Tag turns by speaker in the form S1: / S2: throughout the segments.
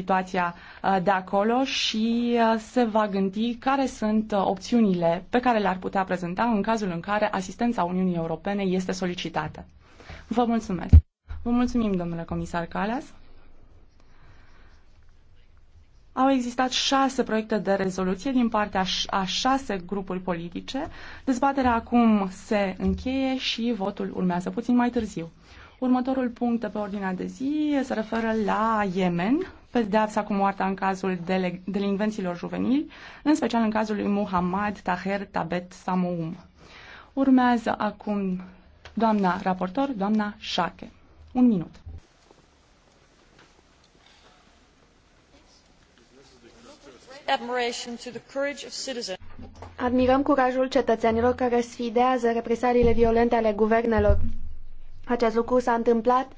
S1: situația uh, de acolo și uh, se va gândi care sunt uh, opțiunile pe care le-ar putea prezenta în cazul în care asistența Uniunii Europene este solicitată. Vă mulțumesc. Vă mulțumim, domnule comisar Calas. Au existat șase proiecte de rezoluție din partea a șase grupuri politice. Dezbaterea acum se încheie și votul urmează puțin mai târziu. Următorul punct de pe ordinea de zi se referă la Yemen pedeapsa cu moartea în cazul delinvenților juvenili, în special în cazul lui Muhammad Taher Tabet Samoum. Urmează acum doamna raportor, doamna Șache. Un minut.
S2: Admirăm curajul cetățenilor care sfidează represaliile violente ale guvernelor. Acest lucru s-a întâmplat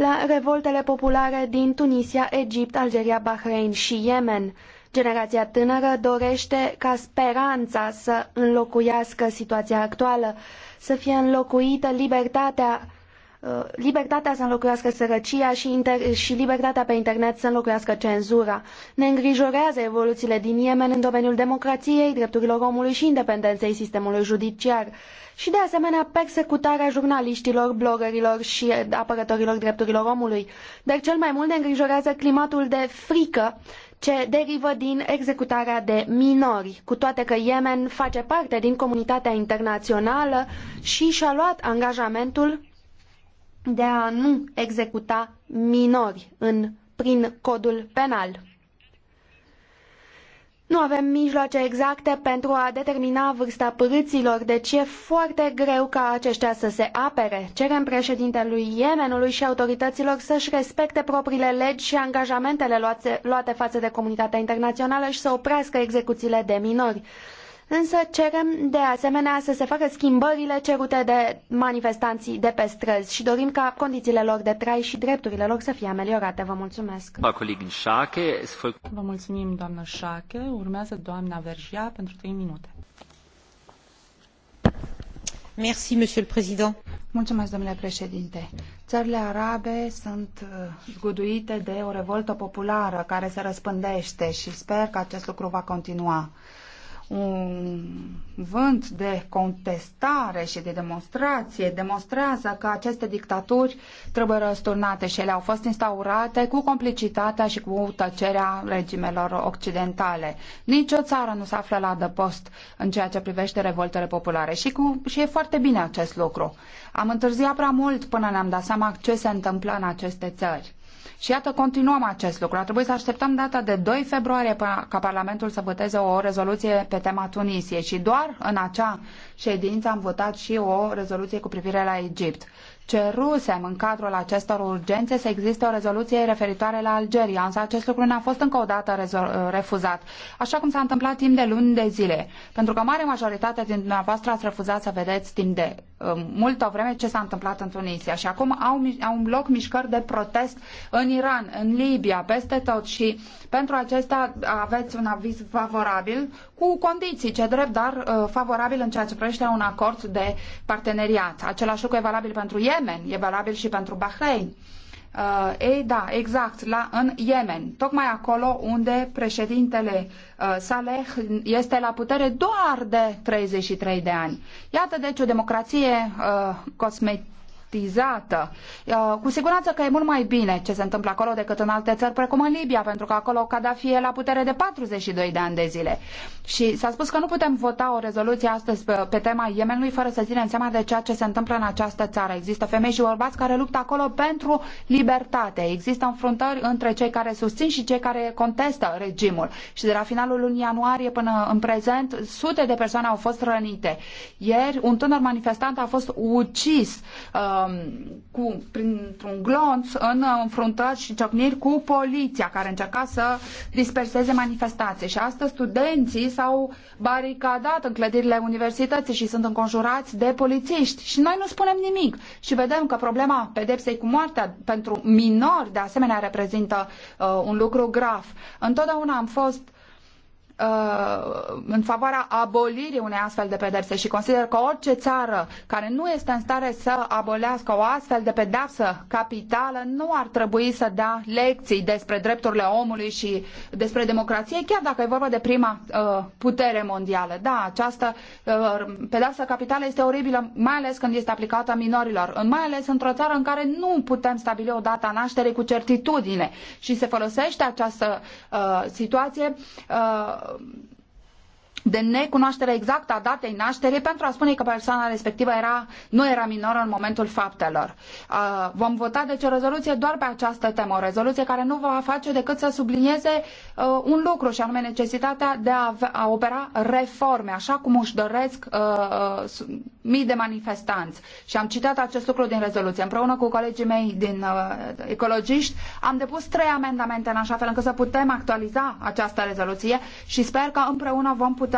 S2: la revoltele populare din Tunisia, Egipt, Algeria, Bahrain și Yemen. Generația tânără dorește ca speranța să înlocuiască situația actuală, să fie înlocuită libertatea Uh, libertatea să înlocuiască sărăcia și, și, libertatea pe internet să înlocuiască cenzura. Ne îngrijorează evoluțiile din Yemen în domeniul democrației, drepturilor omului și independenței sistemului judiciar și de asemenea persecutarea jurnaliștilor, blogărilor și apărătorilor drepturilor omului. Dar cel mai mult ne îngrijorează climatul de frică ce derivă din executarea de minori, cu toate că Yemen face parte din comunitatea internațională și și-a luat angajamentul de a nu executa minori în, prin codul penal. Nu avem mijloace exacte pentru a determina vârsta părâților, deci e foarte greu ca aceștia să se apere. Cerem președintelui Yemenului și autorităților să-și respecte propriile legi și angajamentele luate, luate față de comunitatea internațională și să oprească execuțiile de minori. Însă cerem de asemenea să se facă schimbările cerute de manifestanții de pe străzi
S1: și dorim ca condițiile lor de trai și drepturile lor să fie ameliorate. Vă mulțumesc! Vă mulțumim, doamnă Șache. Urmează doamna Vergia pentru 3 minute. Merci, monsieur le président. Mulțumesc, domnule
S3: președinte. Țările arabe sunt uh, zguduite de o revoltă populară care se răspândește și sper că acest lucru va continua un vânt de contestare și de demonstrație demonstrează că aceste dictaturi trebuie răsturnate și ele au fost instaurate cu complicitatea și cu tăcerea regimelor occidentale. Nici o țară nu se află la adăpost în ceea ce privește revoltele populare și, cu, și e foarte bine acest lucru. Am întârziat prea mult până ne-am dat seama ce se întâmplă în aceste țări. Și iată, continuăm acest lucru. A trebuit să așteptăm data de 2 februarie ca Parlamentul să voteze o rezoluție pe tema Tunisiei și doar în acea ședință am votat și o rezoluție cu privire la Egipt cerusem în cadrul acestor urgențe să existe o rezoluție referitoare la Algeria, însă acest lucru n-a fost încă o dată uh, refuzat, așa cum s-a întâmplat timp de luni de zile, pentru că mare majoritate din dumneavoastră ați refuzat să vedeți timp de uh, multă vreme ce s-a întâmplat în Tunisia și acum au, au loc mișcări de protest în Iran, în Libia, peste tot și pentru acesta aveți un aviz favorabil cu condiții, ce drept, dar uh, favorabil în ceea ce privește un acord de parteneriat. Același lucru e valabil pentru el Yemen, e valabil și pentru Bahrain. Uh, ei, da, exact, la, în Yemen, tocmai acolo unde președintele uh, Saleh este la putere doar de 33 de ani. Iată, deci, o democrație uh, cosmetică repartizată. Uh, cu siguranță că e mult mai bine ce se întâmplă acolo decât în alte țări, precum în Libia, pentru că acolo Gaddafi e la putere de 42 de ani de zile. Și s-a spus că nu putem vota o rezoluție astăzi pe, pe tema Yemenului fără să ținem seama de ceea ce se întâmplă în această țară. Există femei și bărbați care luptă acolo pentru libertate. Există înfruntări între cei care susțin și cei care contestă regimul. Și de la finalul lunii ianuarie până în prezent, sute de persoane au fost rănite. Ieri, un tânăr manifestant a fost ucis uh, Um, cu, printr-un glonț în uh, înfruntări și ciocniri cu poliția care încerca să disperseze manifestații. Și astăzi studenții s-au baricadat în clădirile universității și sunt înconjurați de polițiști. Și noi nu spunem nimic. Și vedem că problema pedepsei cu moartea pentru minori de asemenea reprezintă uh, un lucru grav. Întotdeauna am fost Uh, în favoarea abolirii unei astfel de pedepse și consider că orice țară care nu este în stare să abolească o astfel de pedapsă capitală nu ar trebui să dea lecții despre drepturile omului și despre democrație, chiar dacă e vorba de prima uh, putere mondială. Da, această uh, pedapsă capitală este oribilă, mai ales când este aplicată minorilor, mai ales într-o țară în care nu putem stabili o dată a nașterii cu certitudine și se folosește această uh, situație uh, um, de necunoaștere exactă a datei nașterii pentru a spune că persoana respectivă era, nu era minoră în momentul faptelor. vom vota deci o rezoluție doar pe această temă, o rezoluție care nu va face decât să sublinieze un lucru și anume necesitatea de a, a opera reforme, așa cum își doresc uh, mii de manifestanți. Și am citat acest lucru din rezoluție. Împreună cu colegii mei din ecologiști am depus trei amendamente în așa fel încât să putem actualiza această rezoluție și sper că împreună vom putea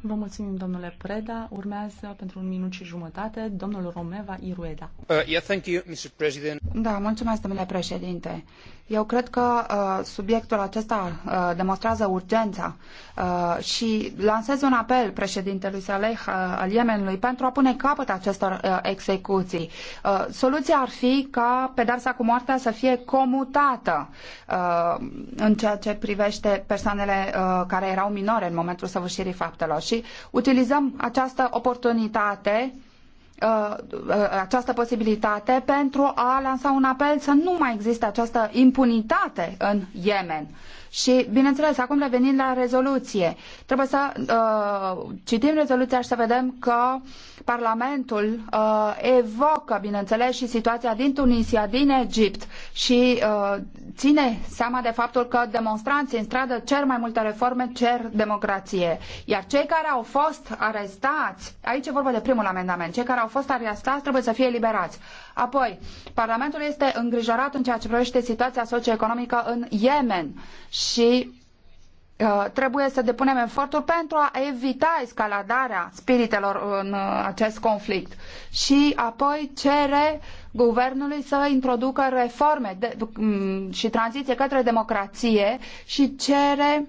S1: Vă mulțumim, domnule Preda. Urmează pentru un minut și jumătate domnul Romeva Irueda.
S4: Uh, yeah, thank you, Mr. President.
S1: Da, mulțumesc, domnule președinte. Eu cred că
S3: uh, subiectul acesta uh, demonstrează urgența uh, și lansez un apel președintelui Saleh uh, al Yemenului pentru a pune capăt acestor uh, execuții. Uh, soluția ar fi ca pedapsa cu moartea să fie comutată uh, în ceea ce privește persoanele uh, care erau minore în momentul momentul săvârșirii faptelor și utilizăm această oportunitate Uh, uh, această posibilitate pentru a lansa un apel să nu mai existe această impunitate în Yemen. Și, bineînțeles, acum revenind la rezoluție, trebuie să uh, citim rezoluția și să vedem că Parlamentul uh, evocă, bineînțeles, și situația din Tunisia, din Egipt și uh, ține seama de faptul că demonstranții în stradă cer mai multe reforme, cer democrație. Iar cei care au fost arestați, aici e vorba de primul amendament, cei care au fost arestați trebuie să fie eliberați. Apoi, Parlamentul este îngrijorat în ceea ce privește situația socioeconomică în Yemen și uh, trebuie să depunem eforturi pentru a evita escaladarea spiritelor în uh, acest conflict. Și apoi cere guvernului să introducă reforme de, um, și tranziție către democrație și cere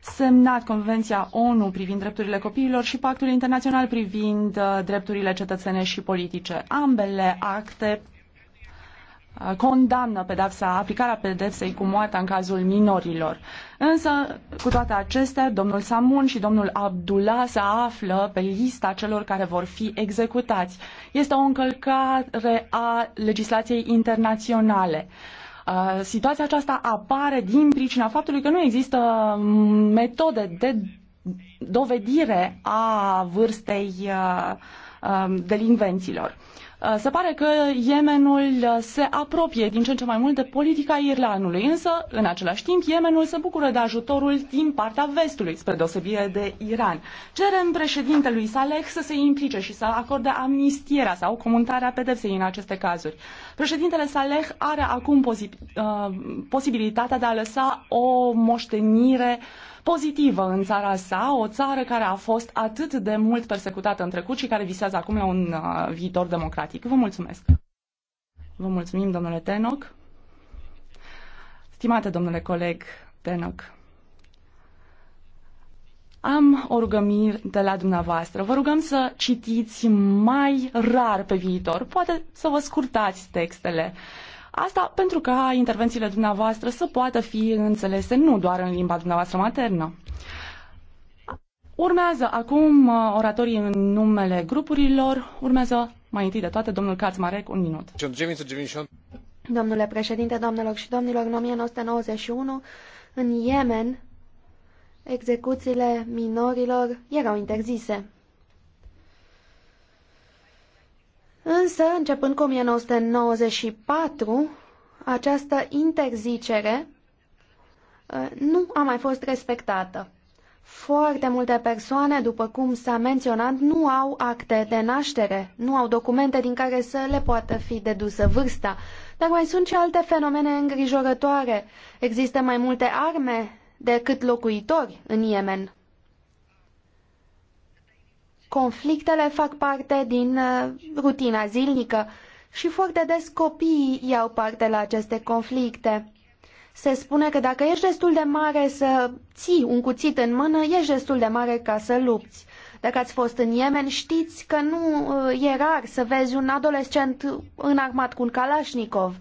S1: semnat Convenția ONU privind drepturile copiilor și Pactul Internațional privind uh, drepturile cetățene și politice. Ambele acte uh, condamnă pedepsa, aplicarea pedepsei cu moartea în cazul minorilor. Însă, cu toate acestea, domnul Samun și domnul Abdullah se află pe lista celor care vor fi executați. Este o încălcare a legislației internaționale. Uh, Uh, situația aceasta apare din pricina faptului că nu există mm, metode de dovedire a vârstei uh, um, delinvenților. Uh, se pare că Yemenul uh, se apropie din ce în ce mai mult de politica Irlandului, însă, în același timp, Yemenul se bucură de ajutorul din partea vestului, spre deosebire de Iran. Cerem președintelui Saleh să se implice și să acorde amnistierea sau comuntarea pedepsei în aceste cazuri. Președintele Saleh are acum uh, posibilitatea de a lăsa o moștenire uh, pozitivă în țara sa, o țară care a fost atât de mult persecutată în trecut și care visează acum la un uh, viitor democratic. Vă mulțumesc! Vă mulțumim, domnule Tenoc. Stimate domnule coleg Tenoc, am o de la dumneavoastră. Vă rugăm să citiți mai rar pe viitor, poate să vă scurtați textele. Asta pentru ca intervențiile dumneavoastră să poată fi înțelese nu doar în limba dumneavoastră maternă. Urmează acum uh, oratorii în numele grupurilor. Urmează mai întâi de toate domnul Marec, un
S5: minut.
S2: Domnule președinte, doamnelor și domnilor, în 1991, în Yemen, execuțiile minorilor erau interzise. Însă, începând cu 1994, această interzicere uh, nu a mai fost respectată. Foarte multe persoane, după cum s-a menționat, nu au acte de naștere, nu au documente din care să le poată fi dedusă vârsta. Dar mai sunt și alte fenomene îngrijorătoare. Există mai multe arme decât locuitori în Yemen. Conflictele fac parte din uh, rutina zilnică și foarte des copiii iau parte la aceste conflicte. Se spune că dacă ești destul de mare să ții un cuțit în mână, ești destul de mare ca să lupți. Dacă ați fost în Yemen, știți că nu uh, e rar să vezi un adolescent înarmat cu un Kalashnikov.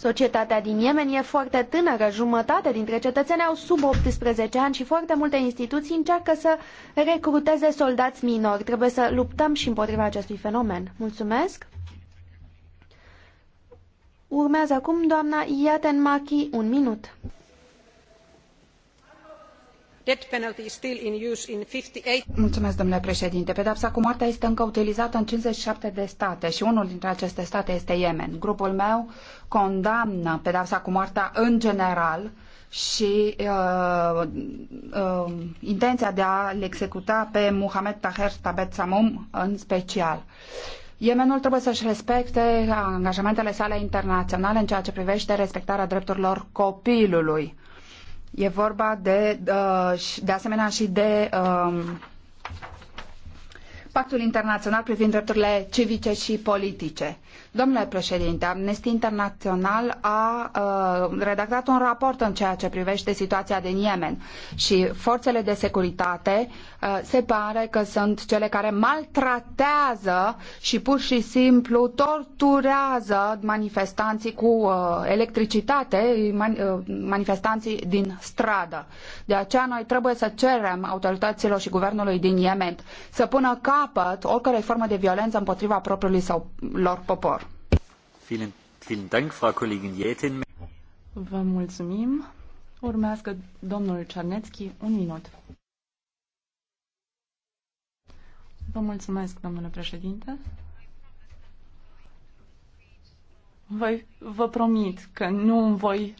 S2: Societatea din Yemen e foarte tânără, jumătate dintre cetățeni au sub 18 ani și foarte multe instituții încearcă să recruteze soldați minori. Trebuie să luptăm și împotriva acestui fenomen. Mulțumesc! Urmează acum doamna Iaten Machi, un minut
S6: pedeapsa
S3: domnule președinte. Pedapsa cu moartea este încă utilizată în 57 de state și unul dintre aceste state este Yemen. Grupul meu condamnă pedapsa cu moartea în general și uh, uh, intenția de a-l executa pe Mohamed Taher Tabet Samum în special. Yemenul trebuie să-și respecte angajamentele sale internaționale în ceea ce privește respectarea drepturilor copilului. E vorba de, uh, de asemenea și de um, Pactul Internațional privind drepturile civice și politice. Domnule președinte, Amnesty International a uh, redactat un raport în ceea ce privește situația din Yemen și forțele de securitate uh, se pare că sunt cele care maltratează și pur și simplu torturează manifestanții cu uh, electricitate, man, manifestanții din stradă. De aceea noi trebuie să cerem autorităților și guvernului din Yemen să pună capăt oricărei formă de violență împotriva propriului sau lor popor.
S1: Vă mulțumim. Urmează domnul Cernețchi, un minut. Vă mulțumesc, domnule președinte. Voi, vă promit că nu voi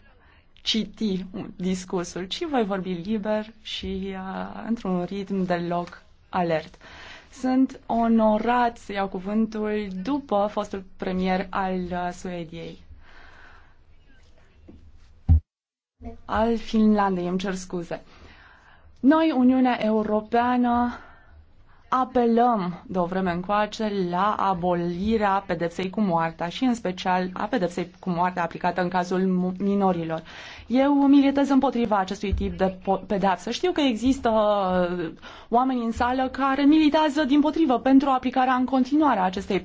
S1: citi discursul, ci voi vorbi liber și uh, într-un ritm deloc alert. Uh, sunt onorat să iau cuvântul după fostul premier al uh, Suediei. Al Finlandei, îmi cer scuze. Noi, Uniunea Europeană, apelăm de o vreme încoace la abolirea pedepsei cu moartea și în special a pedepsei cu moartea aplicată în cazul minorilor. Eu militez împotriva acestui tip de pedepsă. Știu că există uh, oameni în sală care militează din potrivă pentru aplicarea în continuare a acestei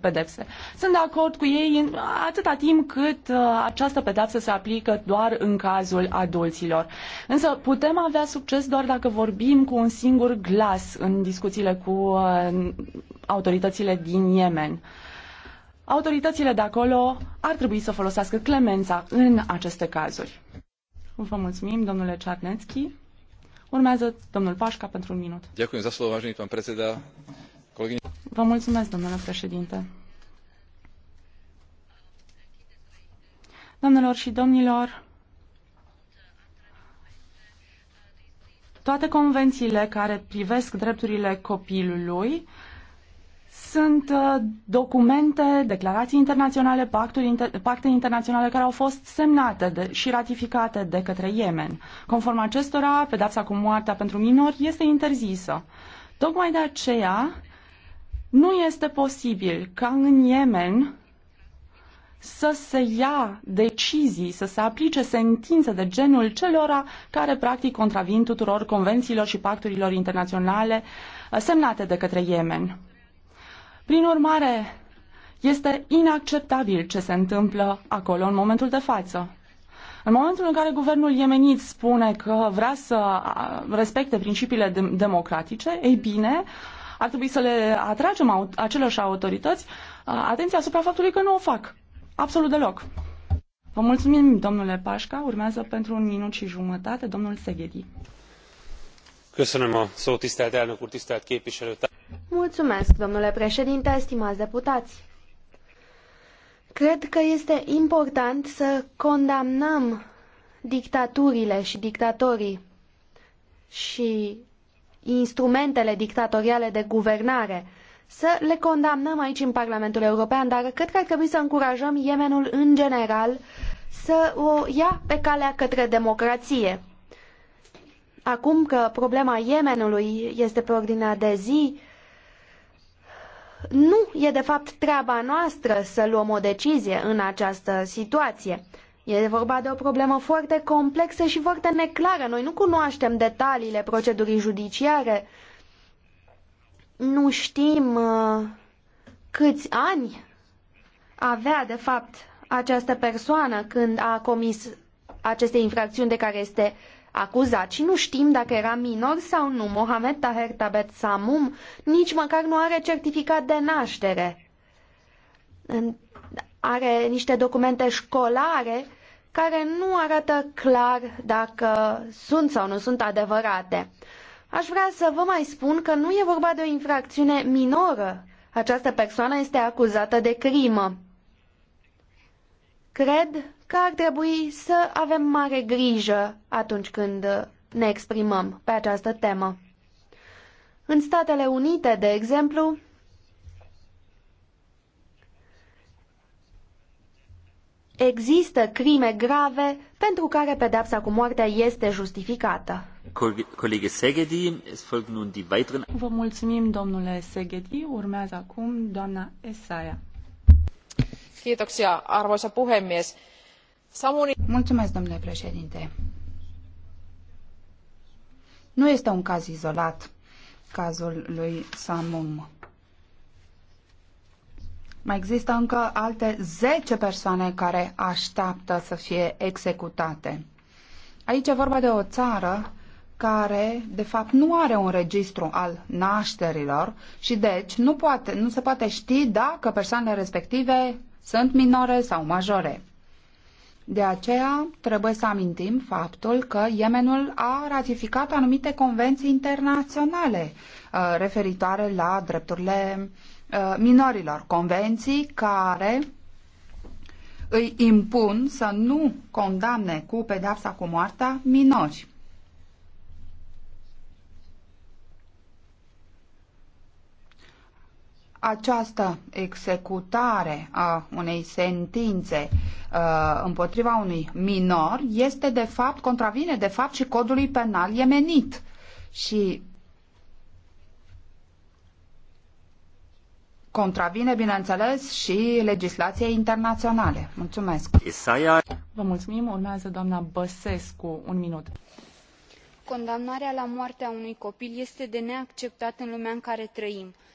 S1: pedepse. Sunt de acord cu ei atâta timp cât uh, această pedepsă se aplică doar în cazul adulților. Însă putem avea succes doar dacă vorbim cu un singur glas în discuții relațiile cu uh, autoritățile din Yemen. Autoritățile de acolo ar trebui să folosească clemența în aceste cazuri. Vă mulțumim, domnule Czarnecki. Urmează domnul Pașca pentru un minut.
S7: Ďakujem slovo, vážený pán predseda. Kolegyne...
S1: Vă mulțumesc, domnule președinte. Domnilor și domnilor, Toate convențiile care privesc drepturile copilului sunt uh, documente, declarații internaționale, pacturi, pacte internaționale care au fost semnate de, și ratificate de către Yemen. Conform acestora, pedapsa cu moartea pentru minori este interzisă. Tocmai de aceea, nu este posibil ca în Yemen să se ia decizii, să se aplice sentințe de genul celora care practic contravin tuturor convențiilor și pacturilor internaționale uh, semnate de către Yemen. Prin urmare, este inacceptabil ce se întâmplă acolo în momentul de față. În momentul în care guvernul iemenit spune că vrea să uh, respecte principiile democratice, ei bine, ar trebui să le atragem acelorși autorități uh, atenția asupra faptului că nu o fac. Absolut deloc. Vă mulțumim, domnule Pașca. Urmează pentru un minut și jumătate domnul Seghedi.
S2: Mulțumesc, domnule președinte, estimați deputați. Cred că este important să condamnăm dictaturile și dictatorii și instrumentele dictatoriale de guvernare să le condamnăm aici în Parlamentul European, dar cred că ar trebui să încurajăm Yemenul în general să o ia pe calea către democrație. Acum că problema Yemenului este pe ordinea de zi, nu e de fapt treaba noastră să luăm o decizie în această situație. E vorba de o problemă foarte complexă și foarte neclară. Noi nu cunoaștem detaliile procedurii judiciare, nu știm uh, câți ani avea, de fapt, această persoană când a comis aceste infracțiuni de care este acuzat și nu știm dacă era minor sau nu. Mohamed Taher Tabet Samum nici măcar nu are certificat de naștere. Are niște documente școlare care nu arată clar dacă sunt sau nu sunt adevărate. Aș vrea să vă mai spun că nu e vorba de o infracțiune minoră. Această persoană este acuzată de crimă. Cred că ar trebui să avem mare grijă atunci când ne exprimăm pe această temă. În Statele Unite, de exemplu, există crime grave pentru care pedepsa cu moartea
S1: este justificată. Vă mulțumim, domnule Segedi. Urmează acum doamna Esaia.
S7: Kiitoksia, arvoisa puhemies. Samuni...
S1: Mulțumesc, domnule președinte.
S3: Nu este un caz izolat, cazul lui Samum. Mai există încă alte 10 persoane care așteaptă să fie executate. Aici e vorba de o țară care, de fapt, nu are un registru al nașterilor și, deci, nu, poate, nu se poate ști dacă persoanele respective sunt minore sau majore. De aceea, trebuie să amintim faptul că Yemenul a ratificat anumite convenții internaționale uh, referitoare la drepturile uh, minorilor, convenții care îi impun să nu condamne cu pedeapsa cu moartea minori. această executare a unei sentințe uh, împotriva unui minor este de fapt, contravine de fapt și codului penal iemenit. Și contravine, bineînțeles, și legislației
S1: internaționale. Mulțumesc. Isaia. Vă mulțumim. Urmează doamna Băsescu. Un minut.
S8: Condamnarea la moarte a unui copil este de neacceptat în lumea în care trăim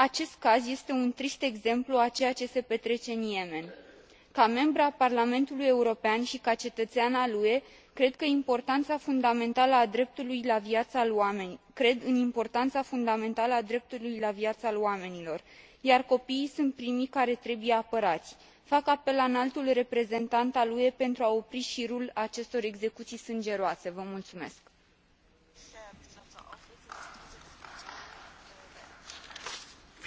S8: acest caz este un trist exemplu a ceea ce se petrece în yemen. ca membră a parlamentului european i ca cetăeană al ue cred în importana fundamentală a dreptului la viaa oamenilor iar copiii sunt primii care trebuie apărai. fac apel la înaltul reprezentant al ue pentru a opri irul acestor execuii sângeroase. Vă mulțumesc.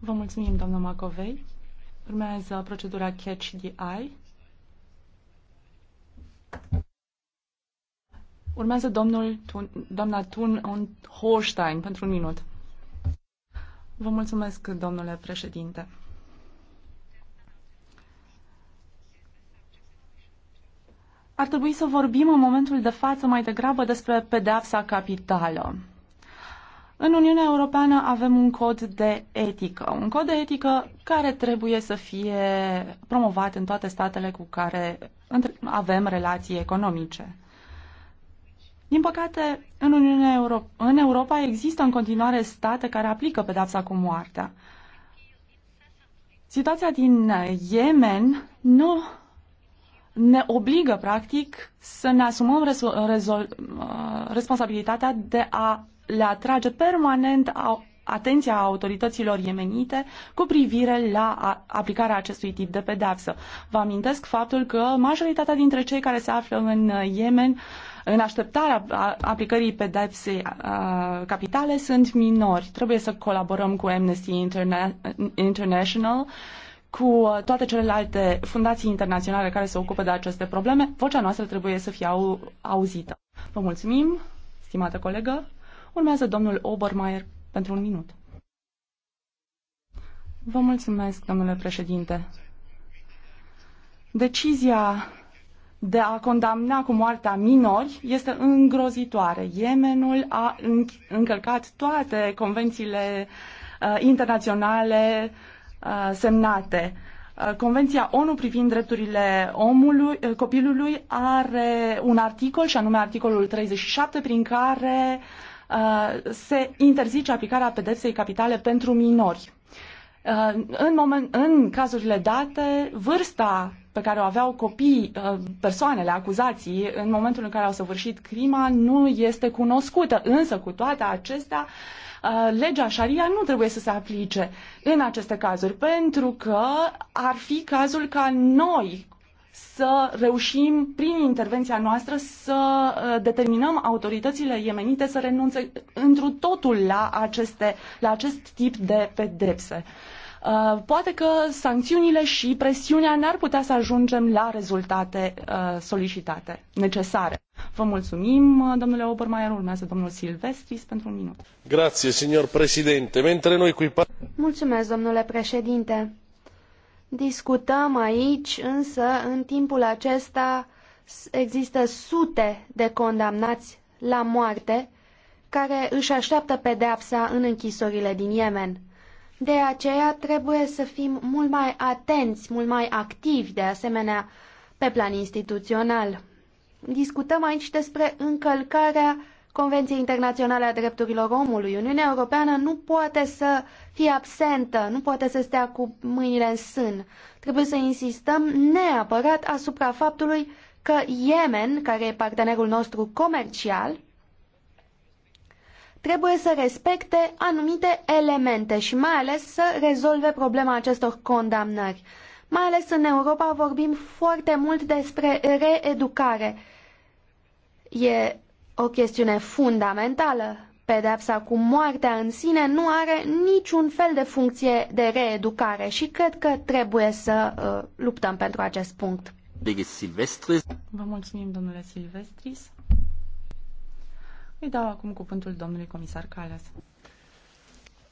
S1: Vă mulțumim, doamnă Macovei. Urmează procedura Catch the Eye. Urmează domnul, doamna Thun Holstein pentru un minut. Vă mulțumesc, domnule președinte. Ar trebui să vorbim în momentul de față mai degrabă despre pedeapsa capitală. În Uniunea Europeană avem un cod de etică, un cod de etică care trebuie să fie promovat în toate statele cu care avem relații economice. Din păcate, în Uniunea Euro- în Europa există în continuare state care aplică pedapsa cu moartea. Situația din Yemen nu ne obligă, practic, să ne asumăm uh, responsabilitatea de a le atrage permanent atenția autorităților iemenite cu privire la aplicarea acestui tip de pedeapsă. Vă amintesc faptul că majoritatea dintre cei care se află în Yemen în așteptarea aplicării pedepsei capitale sunt minori. Trebuie să colaborăm cu Amnesty Interna International cu toate celelalte fundații internaționale care se ocupă de aceste probleme, vocea noastră trebuie să fie au auzită. Vă mulțumim, stimată colegă. Urmează domnul Obermeier pentru un minut. Vă mulțumesc, domnule președinte. Decizia de a condamna cu moartea minori este îngrozitoare. Yemenul a încălcat toate convențiile uh, internaționale uh, semnate. Uh, Convenția ONU privind drepturile omului, uh, copilului are un articol, și anume articolul 37, prin care uh, Uh, se interzice aplicarea pedepsei capitale pentru minori. Uh, în, moment, în cazurile date, vârsta pe care o aveau copiii, uh, persoanele, acuzații, în momentul în care au săvârșit crima, nu este cunoscută. Însă, cu toate acestea, legea șaria nu trebuie să se aplice în aceste cazuri, pentru că ar fi cazul ca noi, să reușim, prin intervenția noastră, să uh, determinăm autoritățile iemenite să renunțe întru totul la, aceste, la acest tip de pedepse. Uh, poate că sancțiunile și presiunea n-ar putea să ajungem la rezultate uh, solicitate, necesare. Vă mulțumim, domnule Obermaier, urmează domnul Silvestris pentru un minut.
S5: Grație, signor președinte. Mentre noi cui...
S2: Mulțumesc, domnule președinte. Discutăm aici, însă, în timpul acesta există sute de condamnați la moarte care își așteaptă pedeapsa în închisorile din Yemen. De aceea trebuie să fim mult mai atenți, mult mai activi, de asemenea, pe plan instituțional. Discutăm aici despre încălcarea Convenției Internaționale a Drepturilor Omului. Uniunea Europeană nu poate să fie absentă, nu poate să stea cu mâinile în sân. Trebuie să insistăm neapărat asupra faptului că Yemen, care e partenerul nostru comercial, trebuie să respecte anumite elemente și mai ales să rezolve problema acestor condamnări. Mai ales în Europa vorbim foarte mult despre reeducare. E o chestiune fundamentală. Pedepsa cu moartea în sine nu are niciun fel de funcție de reeducare și cred că trebuie să uh, luptăm pentru acest punct.
S4: Silvestris.
S1: Vă mulțumim, domnule Silvestris. Îi dau acum cuvântul domnului comisar Calas.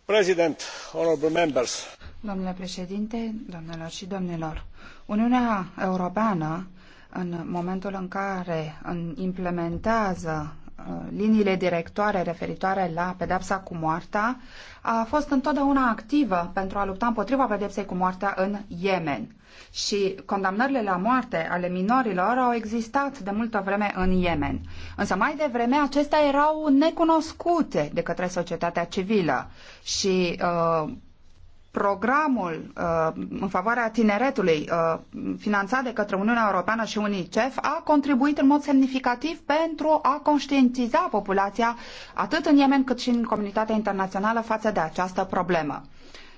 S5: President, honorable members.
S3: Domnule președinte, domnilor și domnilor, Uniunea Europeană în momentul în care implementează Uh, liniile directoare referitoare la pedepsa cu moartea, a fost întotdeauna activă pentru a lupta împotriva pedepsei cu moartea în Yemen. Și condamnările la moarte ale minorilor au existat de multă vreme în Yemen. Însă mai devreme acestea erau necunoscute de către societatea civilă și uh, programul uh, în favoarea tineretului uh, finanțat de către Uniunea Europeană și UNICEF a contribuit în mod semnificativ pentru a conștientiza populația atât în Yemen cât și în comunitatea internațională față de această problemă.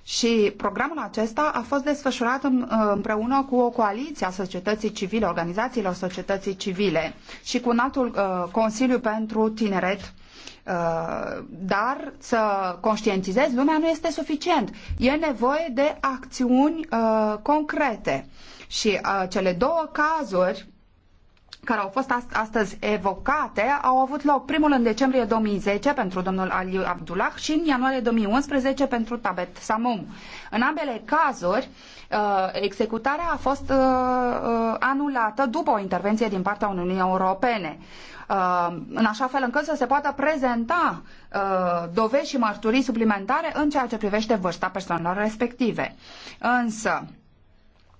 S3: Și programul acesta a fost desfășurat uh, împreună cu o coaliție a societății civile, organizațiilor societății civile și cu un altul uh, Consiliu pentru Tineret Uh, dar să conștientizezi lumea nu este suficient. E nevoie de acțiuni uh, concrete. Și uh, cele două cazuri care au fost astăzi evocate au avut loc primul în decembrie 2010 pentru domnul Ali Abdullah și în ianuarie 2011 pentru Tabet Samum. În ambele cazuri, executarea a fost anulată după o intervenție din partea Uniunii Europene. Uh, în așa fel încât să se poată prezenta uh, dovezi și mărturii suplimentare în ceea ce privește vârsta persoanelor respective. Însă,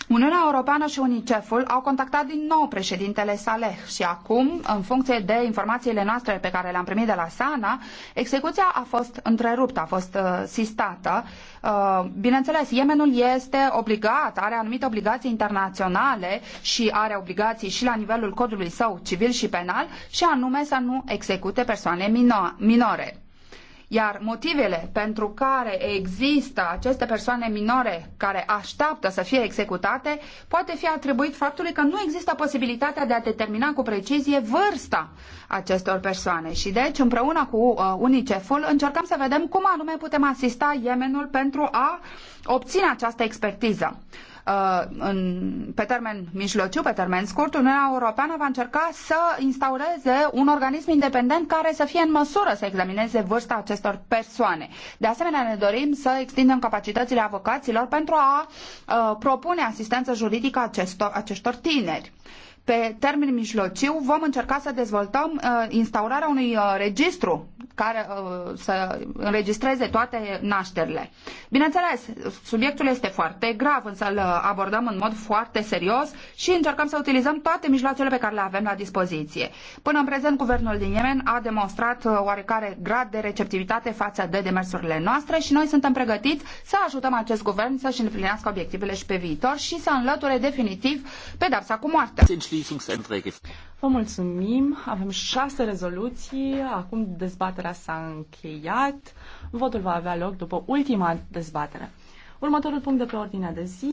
S3: Uniunea Europeană și UNICEF-ul au contactat din nou președintele Saleh și acum, în funcție de informațiile noastre pe care le-am primit de la Sana, execuția a fost întreruptă, a fost uh, sistată. Uh, bineînțeles, Yemenul este obligat, are anumite obligații internaționale și are obligații și la nivelul codului său civil și penal, și anume să nu execute persoane minore. Iar motivele pentru care există aceste persoane minore care așteaptă să fie executate poate fi atribuit faptului că nu există posibilitatea de a determina cu precizie vârsta acestor persoane. Și deci, împreună cu uh, UNICEF-ul, încercăm să vedem cum anume putem asista Yemenul pentru a obține această expertiză. Uh, în, pe termen mijlociu, pe termen scurt, Uniunea Europeană va încerca să instaureze un organism independent care să fie în măsură să examineze vârsta acestor persoane. De asemenea, ne dorim să extindem capacitățile avocaților pentru a uh, propune asistență juridică acestor, acestor tineri. Pe termen mijlociu vom încerca să dezvoltăm uh, instaurarea unui uh, registru care uh, să înregistreze toate nașterile. Bineînțeles, subiectul este foarte grav, însă îl uh, abordăm în mod foarte serios și încercăm să utilizăm toate mijloacele pe care le avem la dispoziție. Până în prezent, guvernul din Yemen a demonstrat uh, oarecare grad de receptivitate față de demersurile noastre și noi suntem pregătiți să ajutăm acest guvern să-și îndeplinească obiectivele și pe viitor și să înlăture definitiv pedapsa
S4: cu moartea.
S1: Vă mulțumim. Avem șase rezoluții. Acum dezbatem Dezbaterea s-a încheiat. Votul va avea loc după ultima dezbatere. Următorul punct de pe ordinea de zi